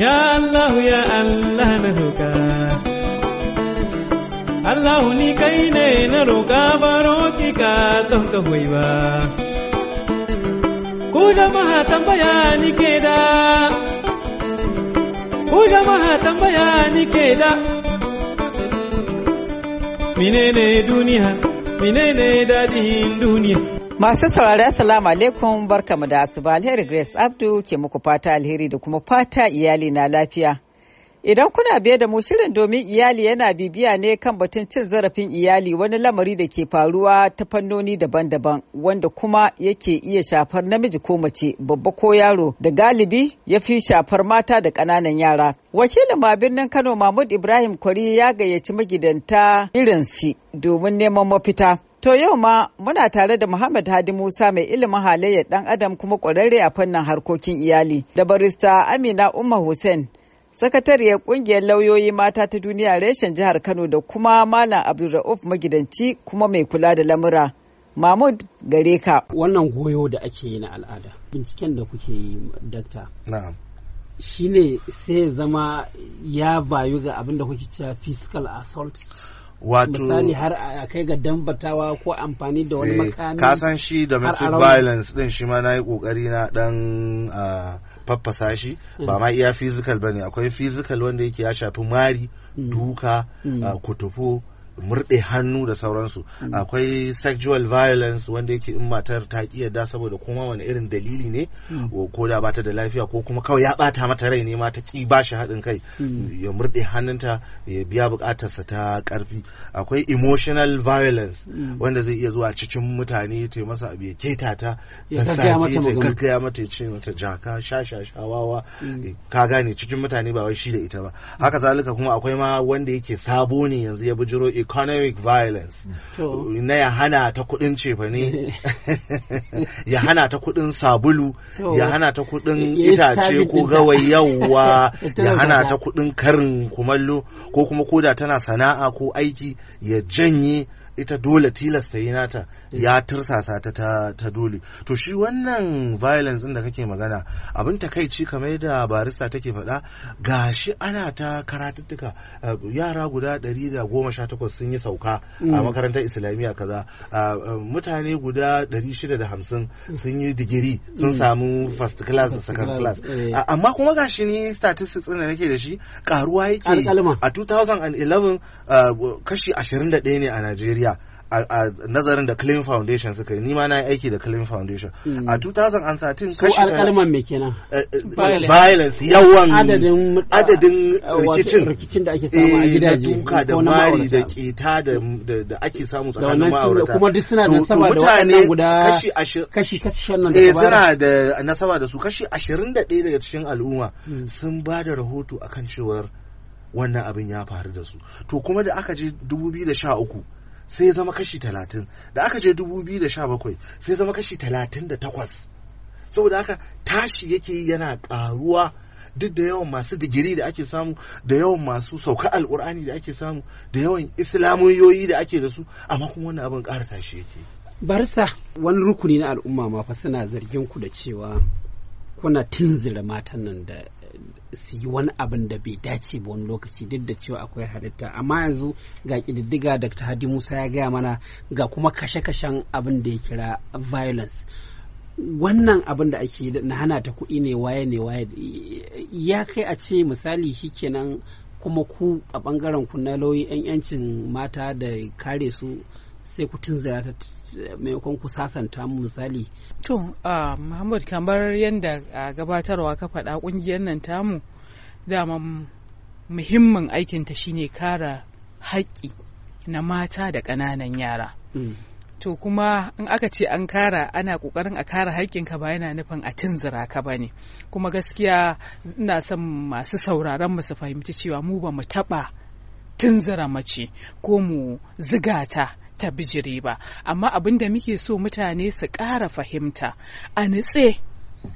Ya alahu ya Allah na roƙa Allah ni kai ne na roƙa baro ki ka don ka hoyi ba Ku jama'a tambaya ni ke da Ku tambaya ni duniya dadin duniya Masu saurari Assalamu alaikum barkamu da asuba alheri Grace Abdu ke muku fata alheri da kuma fata iyali na lafiya. Idan kuna biye da mu shirin domin iyali yana bibiya ne kan batun cin zarafin iyali wani lamari da ke faruwa ta fannoni daban-daban wanda kuma yake iya shafar namiji ko mace babba ko yaro da galibi ya fi shafar mata da ƙananan yara. Wakilin ma birnin Kano Mahmud Ibrahim Kwari ya gayyaci magidanta irin domin neman mafita. To yau ma muna tare da Muhammad Hadi Musa mai ilimin halayyar ɗan adam kuma ƙwararre a fannin harkokin iyali da barista Amina Umma Hussein sakatariyar ƙungiyar lauyoyi mata ta duniya reshen jihar Kano da kuma Malam Abdulrauf magidanci kuma mai kula da lamura. Mahmud gare ka. Wannan goyo da ake yi na al'ada. Binciken da kuke yi dakta. Na'am. Shi ne sai zama ya bayu ga abin da kuke cewa physical assault wato misali har a kai ga dambatawa ko amfani da wani eh, makami ka san shi domestic violence din shi ma na yi kokari na dan faffasa shi mm. ba ma iya physical bane akwai physical wanda yake ya shafi mari mm. duka mm. kutufo murɗe hannu da sauransu mm. akwai sexual violence wanda yake in matar ta ki yarda saboda kuma wani irin dalili ne mm. ko da bata da lafiya ko kuma kawai ya bata mata rai ne ma ta ki bashi haɗin kai mm. ya murɗe hannunta ya biya buƙatarsa ta ƙarfi akwai emotional violence wanda zai iya zuwa cikin mutane ta masa abu ya keta ta ya mata ya ce mata jaka shasha shawawa ka gane cikin mutane ba wai shi da ita ba haka zalika kuma akwai ma wanda yake sabo ne yanzu ya bujiro economic violence na ya hana ta kudin cefane ya hana ta kudin sabulu ya hana ta kudin itace ko gawai yawwa ya hana ta kudin karin kumallo ko kuma koda tana sana'a ko aiki ya janye ita dole tilasta yi nata eh. ya tursasa ta ta dole to shi wannan violence din da kake magana abin takaici kamar da barista take faɗa gashi ana ta karatuttuka eh, yara guda 118 sun yi sauka a mm. makarantar islamiyya kaza eh, mutane guda 650 sun yi digiri sun mm. samu first class da second class amma kuma gashi ni statistics din da nake da shi karuwa yake a 2011 kashi 21 ne a Najeriya a nazarin da Clean Foundation suka yi nima na yi aiki da Clean Foundation hmm. a 2013 kashi alƙalman me kenan eh, eh, violence yawan adadin uh, uh, rikicin da ake samu a eh, gidaje duka da mari da keta da ake samu tsakanin ma'aurata kuma duk suna da nasaba da wannan guda kashi kashi nan da suna da nasaba da su kashi 21 daga cikin al'umma hmm. sun ba da rahoto akan cewar wannan abin ya faru da su to kuma da aka je 2013 sai ya zama kashi talatin da aka je dubu biyu da sha bakwai sai ya zama kashi talatin da takwas saboda haka tashi yake yi yana karuwa duk da yawan masu digiri da ake samu da yawan masu sauka alƙur'ani da ake samu da yawan islamiyoyi da ake da su amma kuma wannan abin kara tashi yake barsa wani rukuni na al'umma ma fa suna zargin ku da cewa kuna tunzira matan nan da su yi wani abin da bai dace ba wani lokaci duk da cewa akwai halitta amma yanzu ga ƙididdiga ta hadi musa ya gaya mana ga kuma kashe-kashen abin da ya kira violence wannan abin da ake na hana ta kuɗi ne waye ne waye ya kai a ce misali shi kenan kuma ku a ɓangaren ku na lauyi 'yan 'yancin mata da kare su sai ku tunzira ta maimakon ku sasanta mu misali. To, Muhammad kamar yadda a gabatarwa ka faɗa ƙungiyar nan tamu dama muhimmin aikinta shine kara haƙƙi na mata da ƙananan yara. Mm. To kuma in aka ce an kara ana ƙoƙarin a kara ka ba yana nufin a tunzira ka ba ne. Kuma gaskiya na son masu sauraron mu su fahimci cewa mu ba mu taɓa tunzira mace ko mu zigata ta bijire ba amma abin da muke so mutane su ƙara fahimta a nitse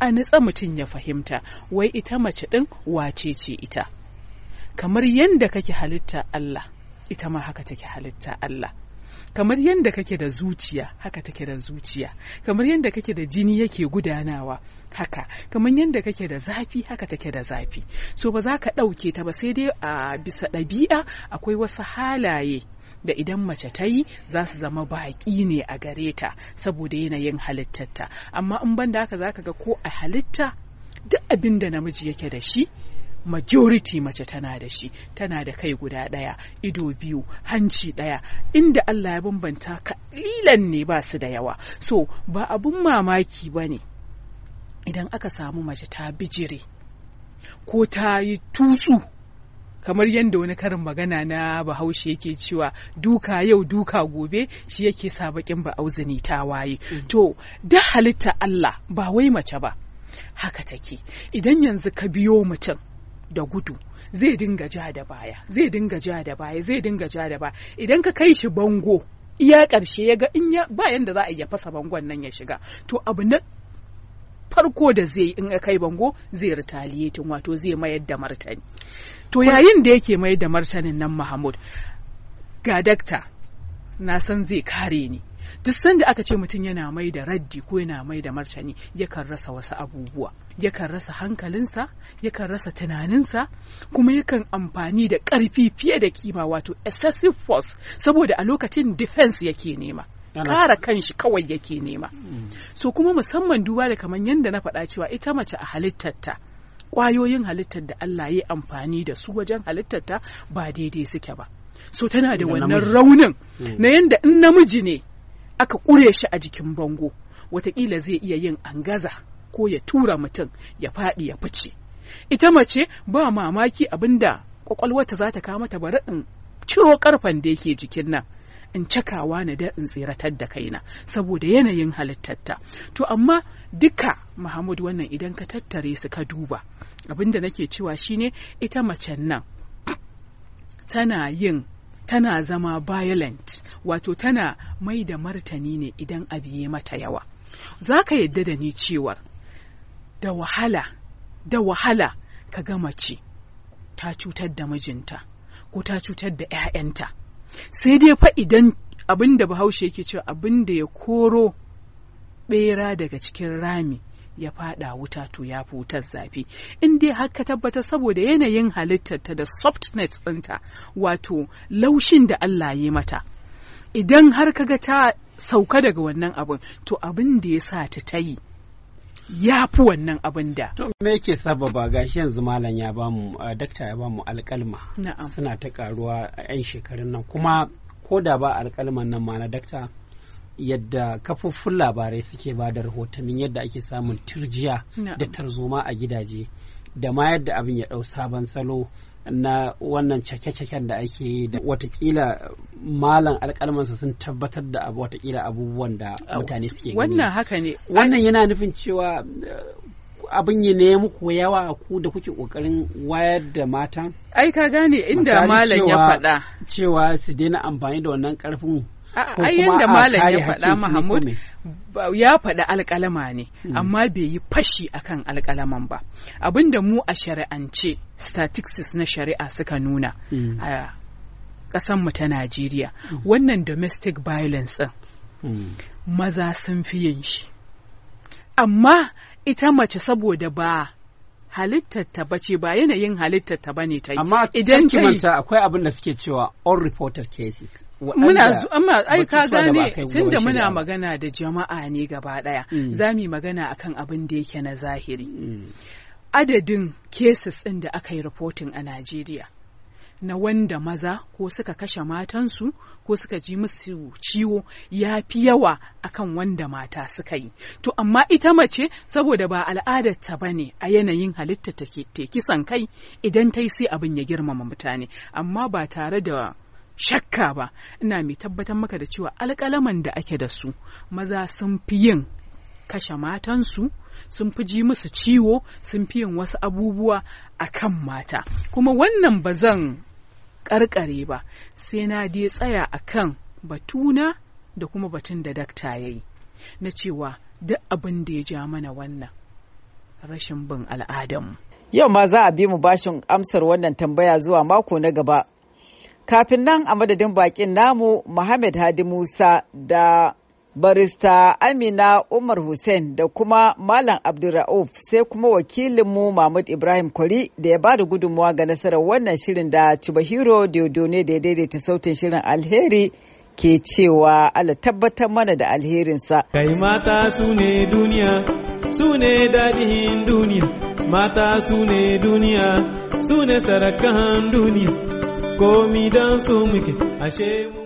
a nitsa mutum ya fahimta wai ita mace ɗin wace ce ita kamar yadda kake halitta Allah ita ma haka take halitta Allah kamar yadda kake da zuciya haka take da zuciya kamar yadda kake da jini yake gudanawa haka kamar yadda kake da zafi haka take da zafi so ba za ka ɗauke ta ba sai dai a bisa ɗabi'a akwai wasu halaye da idan mace ta yi za su zama baƙi ne a gare ta saboda yanayin halittarta amma in ban da haka ka ga ko a halitta duk abin da namiji yake da shi majority mace tana da shi tana da kai guda ɗaya ido biyu hanci ɗaya inda Allah ya bambanta kalilan ne ba su da yawa so ba abun mamaki ba ne idan aka samu mace ta bijiri ko ta yi tutsu kamar yadda wani karin magana na bahaushe yake cewa duka yau duka gobe shi yake sa bakin ba auzini ta waye mm. to da halitta Allah ba wai mace ba haka take idan yanzu ka biyo mutum da gudu zai dinga ja da baya zai dinga ja da baya zai dinga ja da baya idan ka kai shi bango iya ƙarshe ya ga in ya ba yanda za a iya fasa bangon nan ya shiga to abu na farko da zai in ya kai bango zai retaliating wato zai mayar da martani to yayin da yake mai da martanin nan mahmud ga dakta na san zai kare ni duk sanda aka ce mutum yana mai da raddi ko yana mai da martani yakan rasa wasu abubuwa yakan rasa hankalinsa yakan rasa tunaninsa kuma yakan amfani da ƙarfi fiye da kima wato excessive force saboda a lokacin defense yake nema kara kanshi kawai yake nema mm. so kuma musamman duba da kamar yadda na faɗa cewa ita mace a halittarta kwayoyin halittar da Allah ya amfani da su wajen halittar ta ba daidai suke ba so tana da wannan raunin mm. na yadda in namiji ne aka ƙure shi a jikin bango watakila zai iya yin angaza ko ya tura mutum ya faɗi ya fice ita mace ba mamaki abinda ƙwaƙwalwata za ta kama ta bari in ciro karfan da yake jikin nan in cakawa na da in tseratar da kaina saboda yanayin halittarta to amma duka Muhammad wannan idan ka tattare su ka duba abinda nake cewa shine ita macen nan tana yin tana zama violent wato tana mai da martani ne idan abu ya mata yawa za ka yadda da ni cewar da wahala da wahala ka ga mace ta cutar da mijinta ko ta cutar da 'ya'yanta sai dai fa idan abin da bahaushe yake cewa abin da ya koro bera daga cikin rami ya fada wuta to ya fi wutar zafi in dai har ka tabbata saboda yanayin halittarta da softness ɗinta wato laushin da Allah ya mata idan har kaga ta sauka daga wannan abin to abin da ya sa ta tayi. ya fi wannan abin da. To me yake sababa gashi yanzu malam ya bamu dakta ya bamu alƙalma. Suna ta karuwa a 'yan shekarun nan kuma ko da ba alƙalman nan ma na dakta yadda kafofin labarai suke ba da rahotannin yadda ake samun turjiya da tarzoma a gidaje da ma yadda abin ya ɗau sabon salo na wannan cake-caken da ake yi da watakila malam alkalmansa sun tabbatar da watakila abubuwan da mutane suke wannan haka ne wannan yana nufin cewa eh, abin yi ne muku yawa ku da kuke kokarin wayar da matan ai ka gane inda malam ya faɗa cewa su daina amfani da wannan karfin ai yanda malam ya faɗa Mahmud ya faɗi alƙalama ne hmm. amma bai yi fashi akan alƙalaman ba abinda mu a shari'ance statistics na shari'a suka nuna hmm. a mu ta najeriya hmm. wannan domestic violence ɗin maza sun fi yin shi amma ita mace saboda ba halittarta ba ce ba yanayin halittarta ba ne ta yi. Amma idan kimanta akwai abin da suke cewa all reported cases. muna amma ai ka gane tunda muna magana da jama'a ne gaba daya mm. za magana akan abin da yake na zahiri mm. adadin cases ɗin da aka yi reporting a Najeriya na wanda maza ko suka kashe matansu ko suka ji musu ciwo ya fi yawa akan wanda mata suka yi to amma ita mace saboda ba al'adarta ba ne a yanayin halitta take kisan kai idan ta yi sai abin ya girmama mutane amma ba tare da shakka ba ina mai tabbatar maka da cewa alƙalaman da ake da su maza sun fi yin kashe matansu sun fi ji musu ciwo sun fi yin wasu abubuwa a kan mata kuma wannan ba zan ƙarƙare ba sai na dai tsaya a kan batuna da kuma batun da dakta ya yi na cewa duk abin da ya ja mana wannan rashin bin al'adam Yau ma za a bi mu bashin amsar wannan tambaya zuwa mako na gaba Kafin nan a madadin bakin namu Muhammad Hadi Musa da barista Amina Umar Hussein da kuma Malam Abdulra'uf sai kuma wakilinmu Mahmud Ibrahim Kwari da ya ba da gudunmuwa ga nasarar wannan shirin da Chibahiro Diodone da ya daidaita sautin shirin alheri ke cewa ala tabbatar mana da alherinsa. Kai mata su ne duniya, su ne daɗin duniya, mata su ne duniya, su ne sarakan duniya. komi don su muke ashe mu